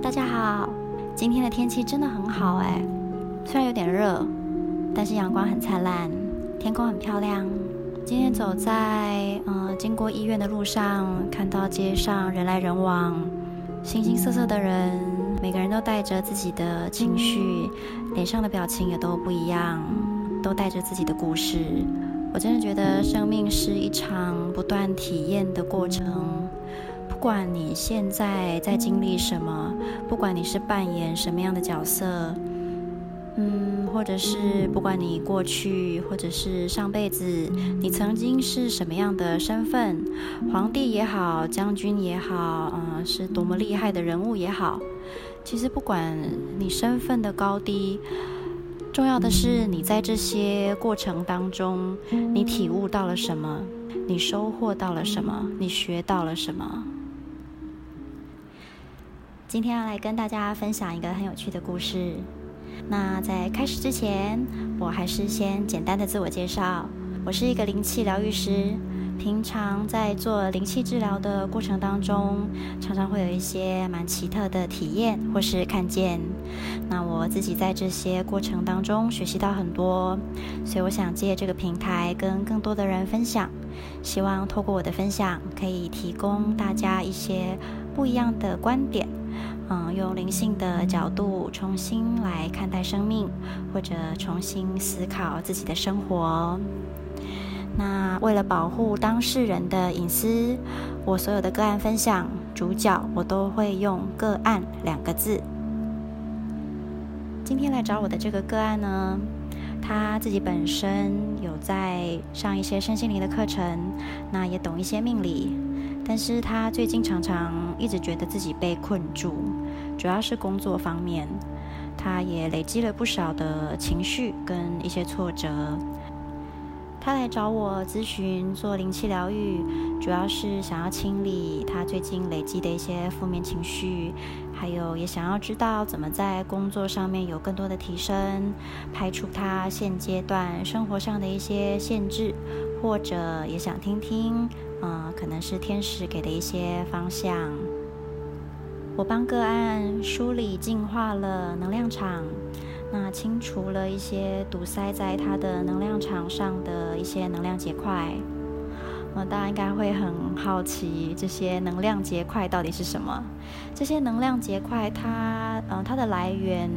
大家好，今天的天氣真的很好哎，雖然有點熱，但是陽光很燦爛，天空很漂亮。今天走在嗯，經過醫院的路上，看到街上人來人往，形形色色的人，每個人都帶着自己的情緒，臉上的表情也都不一樣，都帶着自己的故事。我真的覺得生命是一場不斷體驗的過程。不管你現在在經歷什麼，不管你是扮演什麼樣的角色，嗯，或者是不管你過去或者是上輩子你曾經是什麼樣的身份，皇帝也好，將軍也好，嗯，是多麼厲害的人物也好，其實不管你身份的高低，重要的是你在這些過程當中，你體悟到了什麼，你收穫到了什麼，你學到了什麼。今天要來跟大家分享一個很有趣的故事。那在開始之前，我還是先簡單的自我介紹。我是一個靈氣療癒師，平常在做靈氣治療的過程當中，常常會有一些蠻奇特的體驗或是看見。那我自己在這些過程當中學習到很多，所以我想借這個平台跟更多的人分享。希望透過我的分享，可以提供大家一些不一樣的觀點。嗯，用靈性的角度重新來看待生命，或者重新思考自己的生活。那為了保護當事人的隱私，我所有的個案分享主角我都會用“個案”兩個字。今天來找我的這個個案呢，他自己本身有在上一些身心靈的課程，那也懂一些命理。但是他最近常常一直覺得自己被困住，主要是工作方面，他也累積了不少的情緒跟一些挫折。他來找我諮詢做靈氣療癒，主要是想要清理他最近累積的一些負面情緒，還有也想要知道怎麼在工作上面有更多的提升，排除他現階段生活上的一些限制，或者也想聽聽。嗯、呃，可能是天使給的一些方向。我幫個案梳理、淨化了能量場，那清除了一些堵塞在它的能量場上的一些能量結塊。那、呃、大家應該會很好奇，這些能量結塊到底是什麼？這些能量結塊它，它、呃，它的來源。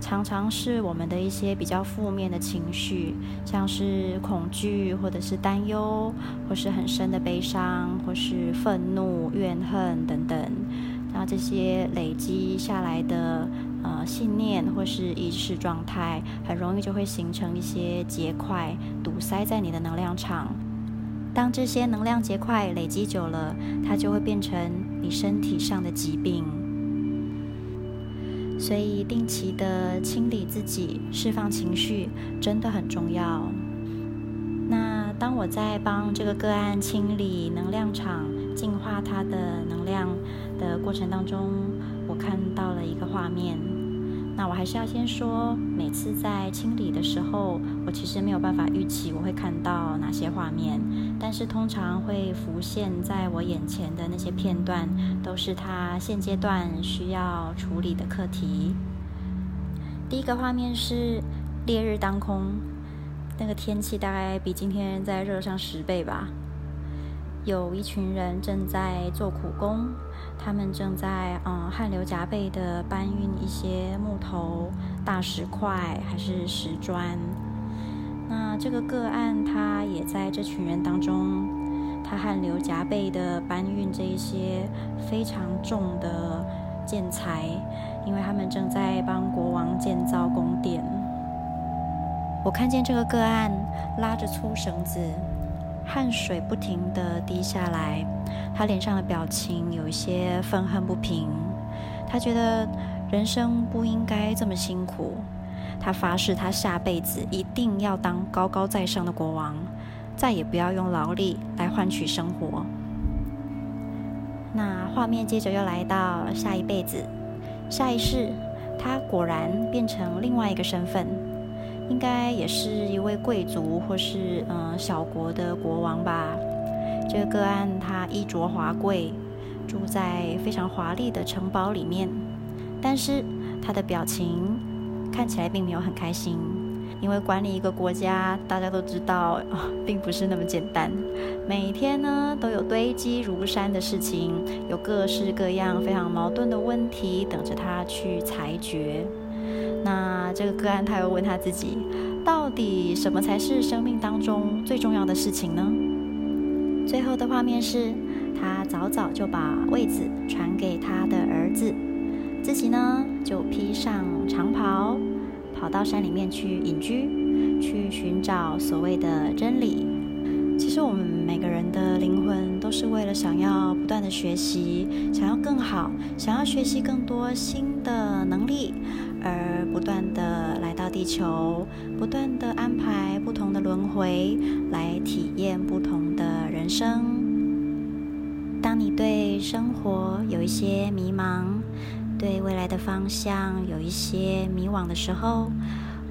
常常是我們的一些比較負面的情緒，像是恐懼或者是擔憂，或是很深的悲傷，或是憤怒、怨恨等等。那這些累積下來的呃信念或是意識狀態，很容易就會形成一些結塊，堵塞在你的能量場。當這些能量結塊累積久了，它就會變成你身體上的疾病。所以定期的清理自己、釋放情緒真的很重要。那當我在幫這個個案清理能量場、淨化他的能量的過程當中，我看到了一個畫面。那我還是要先說，每次在清理的時候，我其實沒有辦法預期我會看到哪些畫面，但是通常會浮現在我眼前的那些片段，都是他現階段需要處理的課題。第一個畫面是烈日當空，那個天氣大概比今天再熱上十倍吧，有一群人正在做苦工。他們正在嗯汗流浹背地搬運一些木頭、大石塊還是石磚。那這個個案他也在這群人當中，他汗流浹背地搬運這一些非常重的建材，因為他們正在幫國王建造宮殿。我看見這個個案拉着粗繩子。汗水不停地滴下來，他臉上的表情有一些憤恨不平。他覺得人生不應該這麼辛苦。他發誓，他下輩子一定要當高高在上的國王，再也不要用勞力來換取生活。那畫面接着又來到下一輩子、下一世，他果然變成另外一個身份。應該也是一位貴族，或是嗯、呃、小國的國王吧。這個個案，他衣着華貴，住在非常華麗的城堡裡面，但是他的表情看起來並沒有很開心。因為管理一個國家，大家都知道啊，、哦，並不是那麼簡單。每天呢，都有堆積如山的事情，有各式各樣非常矛盾的問題等着他去裁決。那這個個案，他又問他自己，到底什麼才是生命當中最重要的事情呢？最後的畫面是，他早早就把位子傳給他的兒子，自己呢，就披上長袍，跑到山裡面去隱居，去尋找所謂的真理。其實我們每個人的靈魂都是為了想要不斷的學習，想要更好，想要學習更多新的能力。而不斷地來到地球，不斷地安排不同的輪迴，來體驗不同的人生。當你對生活有一些迷茫，對未來的方向有一些迷惘的時候，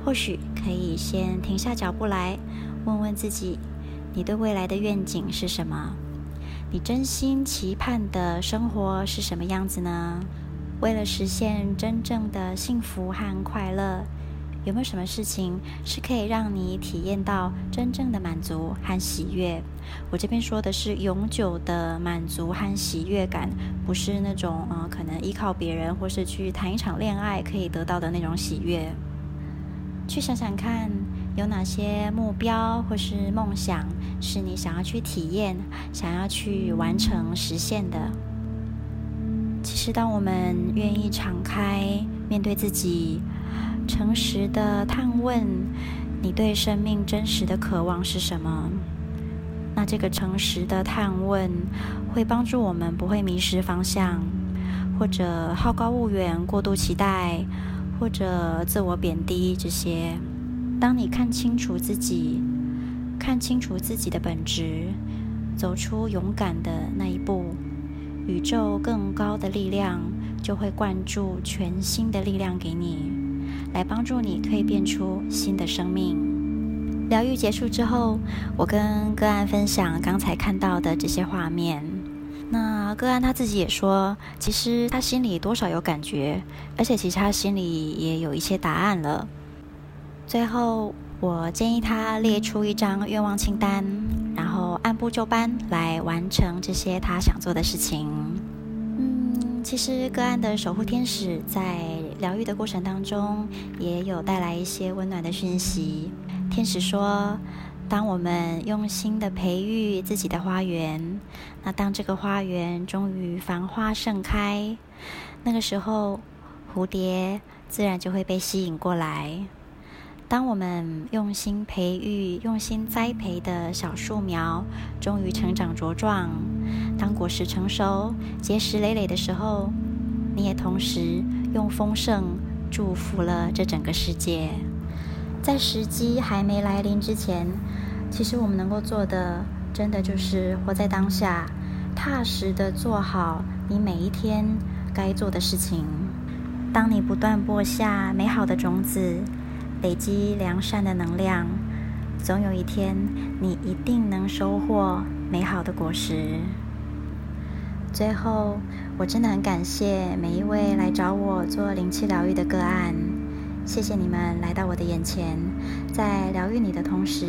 或許可以先停下腳步來，問問自己：你對未來的願景是什麼？你真心期盼的生活是什麼樣子呢？為了實現真正的幸福和快樂，有沒有什麼事情是可以讓你體驗到真正的滿足和喜悅？我這邊說的是永久的滿足和喜悅感，不是那種呃可能依靠別人或是去談一場戀愛可以得到的那種喜悅。去想想看，有哪些目標或是夢想是你想要去體驗、想要去完成、實現的。是當我們願意敞開面對自己，誠實的探問，你對生命真實的渴望是什麼？那這個誠實的探問會幫助我們不會迷失方向，或者好高騖遠、過度期待，或者自我貶低這些。當你看清楚自己，看清楚自己的本質，走出勇敢的那一步。宇宙更高的力量就會灌注全新的力量給你，來幫助你蛻變出新的生命。療癒結束之後，我跟個案分享剛才看到的這些畫面。那個案他自己也說，其實他心裡多少有感覺，而且其實他心裡也有一些答案了。最後，我建議他列出一張願望清單。按部就班來完成這些他想做的事情。嗯，其實個案的守護天使在療癒的過程當中，也有帶來一些溫暖的訊息。天使說，當我們用心的培育自己的花園，那當這個花園終於繁花盛開，那個時候，蝴蝶自然就會被吸引過來。當我們用心培育，用心栽培的小樹苗，終於成長茁壯；當果實成熟、結實累累的時候，你也同時用豐盛祝福了這整個世界。在時機還沒來臨之前，其實我們能夠做的，真的就是活在當下，踏實的做好你每一天該做的事情。當你不斷播下美好的種子，累積良善的能量，總有一天你一定能收穫美好的果實。最後，我真的很感謝每一位來找我做靈氣療癒的個案，謝謝你們來到我的眼前，在療癒你的同時，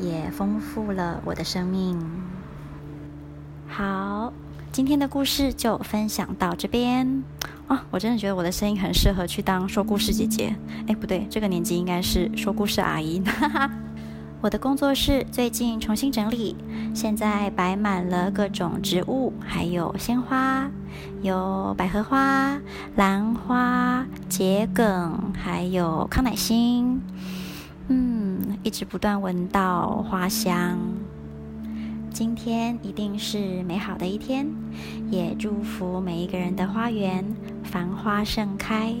也豐富了我的生命。好。今天的故事就分享到這邊。哦，我真的覺得我的聲音很適合去當說故事姐姐。哎，不對，這個年紀應該是說故事阿姨，哈哈。我的工作室最近重新整理，現在擺滿了各種植物，還有鮮花，有百合花、蘭花、桔梗、還有康乃馨。嗯，一直不斷聞到花香。今天一定是美好的一天，也祝福每一個人的花園繁花盛開。